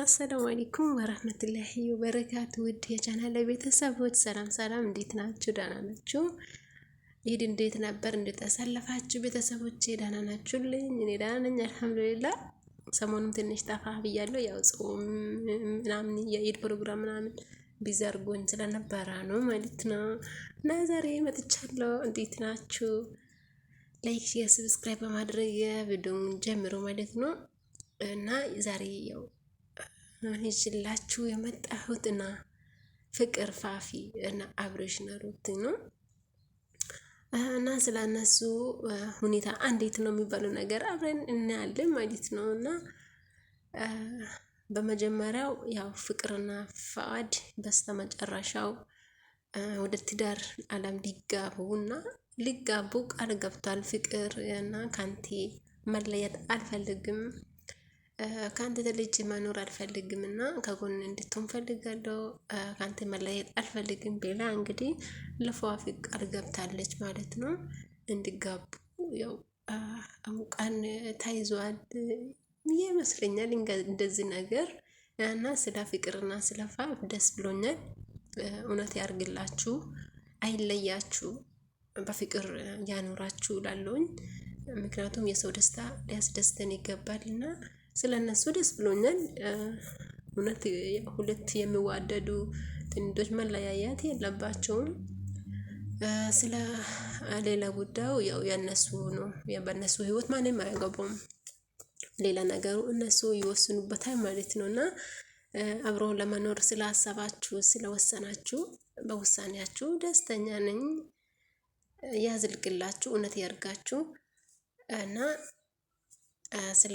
አሰላሙ አለይኩም ወረህመቱላሂ ወበረካቱ። ውድ የቻናል ቤተሰቦች ሰላም ሰላም፣ እንዴት ናችሁ? ደህና ናችሁ? ኢድ እንዴት ነበር? እንዴት አሳለፋችሁ? ቤተሰቦቼ ደህና ናችሁልኝ? እኔ ደህና ነኝ አልሐምዱሊላህ። ሰሞኑን ትንሽ ጠፋ ብያለሁ። ያው ጾም ምናምን የኢድ ፕሮግራም ምናምን ቢዘርጉኝ ስለነበረ ነው ማለት ነው። እና ዛሬ መጥቻለሁ። እንዴት ናችሁ? ላይክ፣ ሼር፣ ሰብስክራይብ በማድረግ የቪዲዮውን ጀምሮ ማለት ነው እና ዛሬ ያው ይችላችሁ የመጣሁት የመጣሁትና ፍቅር ፋፊ እና አብርሽ ነሩት ነው እና ስለነሱ ሁኔታ እንዴት ነው የሚባለው ነገር አብረን እናያለን ማለት ነው። እና በመጀመሪያው ያው ፍቅርና ፈዋድ በስተመጨረሻው ወደ ትዳር አለም እና ሊጋቡ ቃል ገብቷል። ፍቅር እና ካንቴ መለየት አልፈልግም ከአንተ ልጅ መኖር አልፈልግም እና ከጎን እንድትሆን ፈልጋለሁ፣ ከአንተ መለየት አልፈልግም ብላ እንግዲህ ለፏፊቅ ቃል ገብታለች ማለት ነው። እንድጋቡ ያው አሙቃን ታይዟል ይመስለኛል እንደዚህ ነገር እና ስለ ፍቅርና ስለ ፋፍ ደስ ብሎኛል። እውነት ያርግላችሁ፣ አይለያችሁ፣ በፍቅር ያኖራችሁ ላለውኝ ምክንያቱም የሰው ደስታ ሊያስደስተን እና ስለ እነሱ ደስ ብሎኛል። እውነት ሁለት የሚዋደዱ ጥንዶች መለያየት የለባቸውም። ስለ ሌላ ጉዳዩ ያው የነሱ ነው፣ በእነሱ ህይወት ማንም አያገባውም። ሌላ ነገሩ እነሱ ይወስኑበታል ማለት ነው እና አብሮ ለመኖር ስላሰባችሁ ስለወሰናችሁ በውሳኔያችሁ ደስተኛ ነኝ። ያዝልቅላችሁ፣ እውነት ያርጋችሁ እና ስለ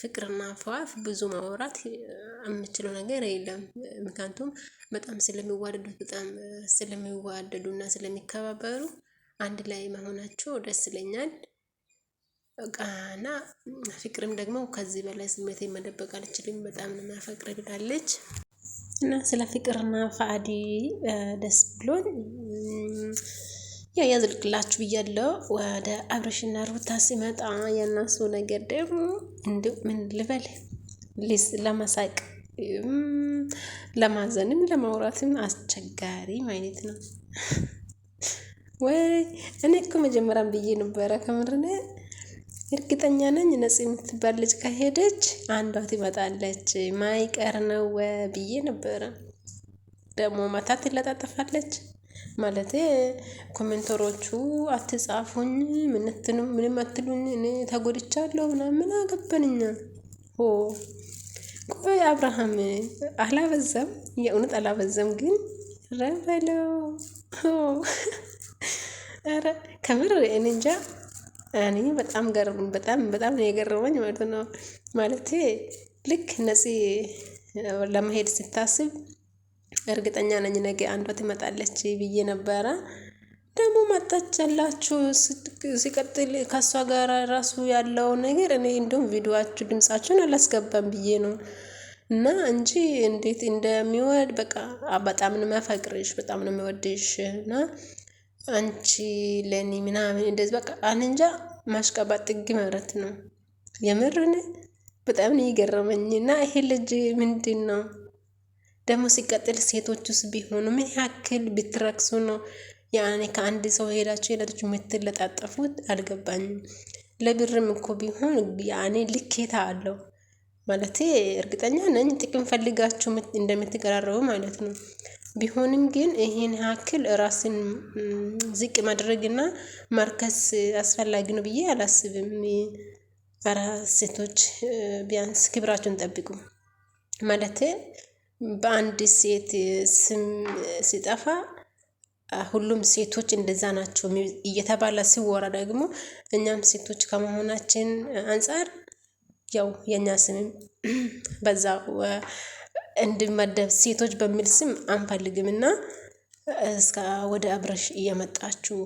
ፍቅርና ፈዋፍ ብዙ ማውራት የምችለው ነገር የለም። ምክንያቱም በጣም ስለሚዋደዱ በጣም ስለሚዋደዱ እና ስለሚከባበሩ አንድ ላይ መሆናቸው ደስ ይለኛል። እና ፍቅርም ደግሞ ከዚህ በላይ ስሜት መደበቅ አልችልም፣ በጣም ነው የሚያፈቅር ብላለች። እና ስለ ፍቅርና ፈአዲ ደስ ብሎን ያው ያዝልክላችሁ ብያለሁ። ወደ አብረሽና ሩታ ሲመጣ የእነሱ ነገር ደግሞ እንዲ ምን ልበል ሊስ ለመሳቅ ለማዘንም ለማውራትም አስቸጋሪ ማለት ነው። ወይ እኔ እኮ መጀመሪያም ብዬ ነበረ ከምርነ እርግጠኛ ነኝ ነጽ የምትባል ልጅ ከሄደች አንዷ ትመጣለች ማይቀር ነው ብዬ ነበረ። ደግሞ መታት ትለጣጠፋለች። ማለት ኮሜንተሮቹ አትጻፉኝ ምንትኑ ምንም አትሉኝ እኔ ተጎድቻለሁ ምናምን ምን ሆ ቆይ አብርሃም አላበዛም? የእውነት አላበዛም? ግን ኧረ ከምር እኔ እንጃ እኔ በጣም በጣም በጣም ነው የገረመኝ ማለት ነው። ማለት ልክ ነፂ ለመሄድ ስታስብ እርግጠኛ ነኝ ነገ አንዷ ትመጣለች ብዬ ነበረ። ደግሞ መጣች ያላችሁ ሲቀጥል ከእሷ ጋር ራሱ ያለው ነገር እኔ እንዲሁም ቪዲዮችሁ ድምጻችሁን አላስገባም ብዬ ነው እና እንጂ እንዴት እንደሚወድ በቃ በጣም ነው የሚያፈቅርሽ፣ በጣም ነው የሚወድሽ እና አንቺ ለኒ ምናምን እንደዚህ በቃ አንንጃ ማሽቀባጥ ጥግ መብረት ነው የምርን በጣም ነው የገረመኝ እና ይሄ ልጅ ምንድን ነው ደግሞ ሲቀጥል ሴቶች ውስጥ ቢሆኑ ምን ያክል ብትረክሱ ነው ያኔ ከአንድ ሰው ሄዳቸው ሄዳቸው የምትለጣጠፉት አልገባኝም። ለብርም እኮ ቢሆን ያኔ ልኬታ አለው ማለት እርግጠኛ ነኝ ጥቅም ፈልጋችሁ እንደምትቀራረቡ ማለት ነው። ቢሆንም ግን ይህን ያክል ራስን ዝቅ ማድረግና ማርከስ አስፈላጊ ነው ብዬ አላስብም። ኧረ ሴቶች ቢያንስ ክብራችሁን ጠብቁ ማለት በአንድ ሴት ስም ሲጠፋ ሁሉም ሴቶች እንደዛ ናቸው እየተባለ ሲወራ ደግሞ እኛም ሴቶች ከመሆናችን አንጻር ያው የእኛ ስምም በዛ እንድመደብ ሴቶች በሚል ስም አንፈልግም እና እስከ ወደ አብረሽ እየመጣችሁ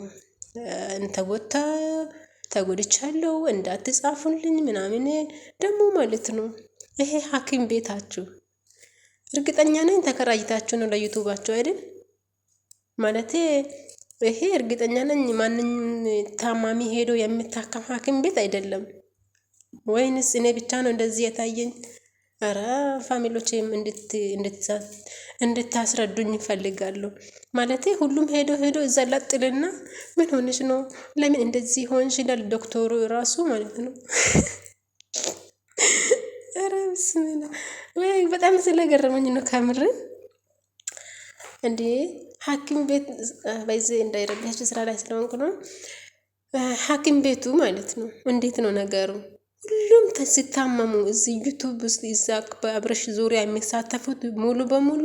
እንተጎታ ተጎድቻለሁ እንዳትጻፉልኝ ምናምን ደግሞ ማለት ነው። ይሄ ሐኪም ቤታችሁ እርግጠኛ ነኝ ተከራይታችሁ ነው ለዩቱባችሁ አይደል? ማለት ይሄ እርግጠኛ ነኝ ማንኛውም ታማሚ ሄዶ የምታከም ሐኪም ቤት አይደለም። ወይንስ እኔ ብቻ ነው እንደዚህ የታየኝ? ኧረ ፋሚሎችም እንድታስረዱኝ ይፈልጋሉ። ማለት ሁሉም ሄዶ ሄዶ እዛ ላጥልና ምን ሆንሽ ነው ለምን እንደዚህ ሆንሽ ይላል ዶክተሩ ራሱ ማለት ነው። በጣም ስለገረመኝ ነው ከምር እንዴ ሐኪም ቤት በዚህ እንዳይረዳችሁ ስራ ላይ ስለሆንኩ ነው። ሐኪም ቤቱ ማለት ነው። እንዴት ነው ነገሩ? ሁሉም ሲታመሙ እዚህ ዩቱብ ውስጥ እዛ በአብረሽ ዙሪያ የሚሳተፉት ሙሉ በሙሉ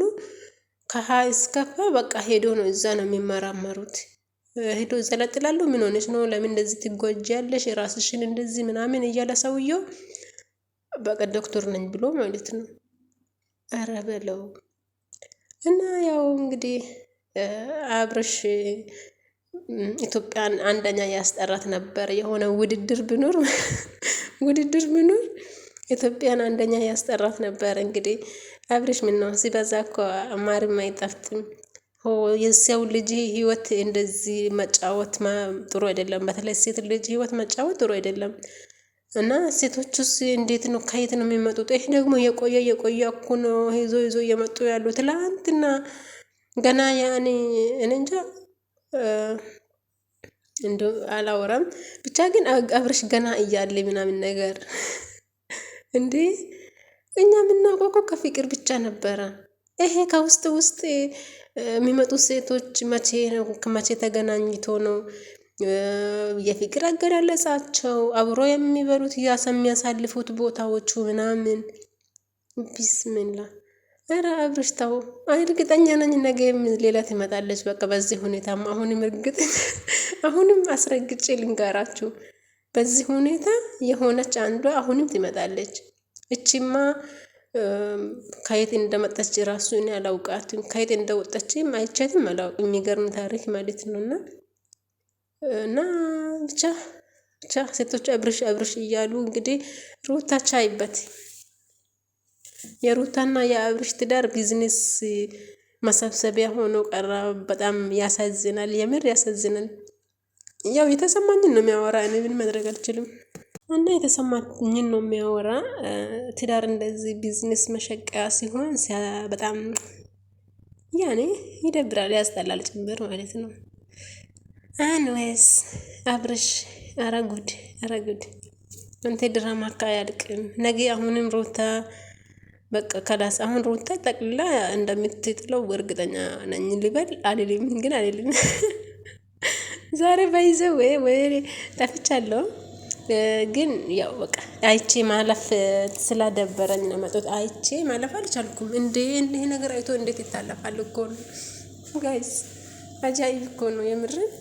ከሀ እስከፋ በቃ ሄዶ ነው እዛ ነው የሚመራመሩት። ሄዶ ይዘለጥላሉ። ምን ሆነች ነው? ለምን እንደዚህ ትጎጃለሽ? ራስሽን እንደዚህ ምናምን እያለ ሰውየው በቃ ዶክተር ነኝ ብሎ ማለት ነው። አረ በለው እና ያው እንግዲህ አብርሽ ኢትዮጵያን አንደኛ ያስጠራት ነበር። የሆነ ውድድር ብኖር ውድድር ብኖር ኢትዮጵያን አንደኛ ያስጠራት ነበር። እንግዲህ አብርሽ ምን ነው ሲበዛ እኮ ማርም አይጠፍትም። የሰው ልጅ ህይወት እንደዚህ መጫወት ጥሩ አይደለም። በተለይ ሴት ልጅ ህይወት መጫወት ጥሩ አይደለም። እና ሴቶቹስ እንዴት ነው? ከየት ነው የሚመጡት? ይሄ ደግሞ የቆየ የቆየ እኮ ነው ይዞ ይዞ እየመጡ ያሉ ትላንትና ገና ያኔ እንጃ እንዶ አላወራም ብቻ ግን አብረሽ ገና እያለ ምናምን ነገር እንዴ እኛ የምናውቀው እኮ ከፍቅር ብቻ ነበረ። ይሄ ከውስጥ ውስጥ የሚመጡ ሴቶች መቼ ነው መቼ ተገናኝቶ ነው የፍቅር አገላለጻቸው አብሮ የሚበሉት እያሰ የሚያሳልፉት ቦታዎቹ ምናምን ቢስሚላ ኧረ አብርሽ ተው። እርግጠኛ ነኝ ነገ ሌላ ትመጣለች። በቃ በዚህ ሁኔታም አሁንም እርግጥ አሁንም አስረግጬ ልንጋራችሁ በዚህ ሁኔታ የሆነች አንዷ አሁንም ትመጣለች። እቺማ ከየት እንደመጣች ራሱ እኔ አላውቃትም። ከየት እንደወጣችም አይቻትም አላውቅ። የሚገርም ታሪክ ማለት ነው እና እና ብቻ ብቻ ሴቶች አብርሽ አብርሽ እያሉ እንግዲህ ሩታ ቻይበት። የሩታና የአብርሽ ትዳር ቢዝነስ መሰብሰቢያ ሆኖ ቀራ። በጣም ያሳዝናል፣ የምር ያሳዝናል። ያው የተሰማኝን ነው የሚያወራ። እኔ ምን ማድረግ አልችልም። እና የተሰማኝን ነው የሚያወራ። ትዳር እንደዚህ ቢዝነስ መሸቀያ ሲሆን በጣም ያኔ ይደብራል፣ ያስጠላል ጭምር ማለት ነው። አንወይስ አብርሽ አረጉድ አረጉድ አንተ ድራማ እኮ አያልቅም። ነገ አሁንም ሩታ በቃ ከላስ አሁን ሩታ ጠቅልላ እንደምትጥለው እርግጠኛ ነኝ። ልበል አልልም፣ ግን አልልም። ዛሬ ባይዘው ወይ ወይ ጠፍቻለሁ፣ ግን ያው በቃ አይቼ ማለፍ ስላደበረኝ ነው መጡት። አይቼ ማለፍ አልቻልኩም። እንዴ እንዲህ ነገር አይቶ እንዴት ይታለፋል? እኮ ነው ጋይስ፣ አጃይብ እኮ ነው የምርን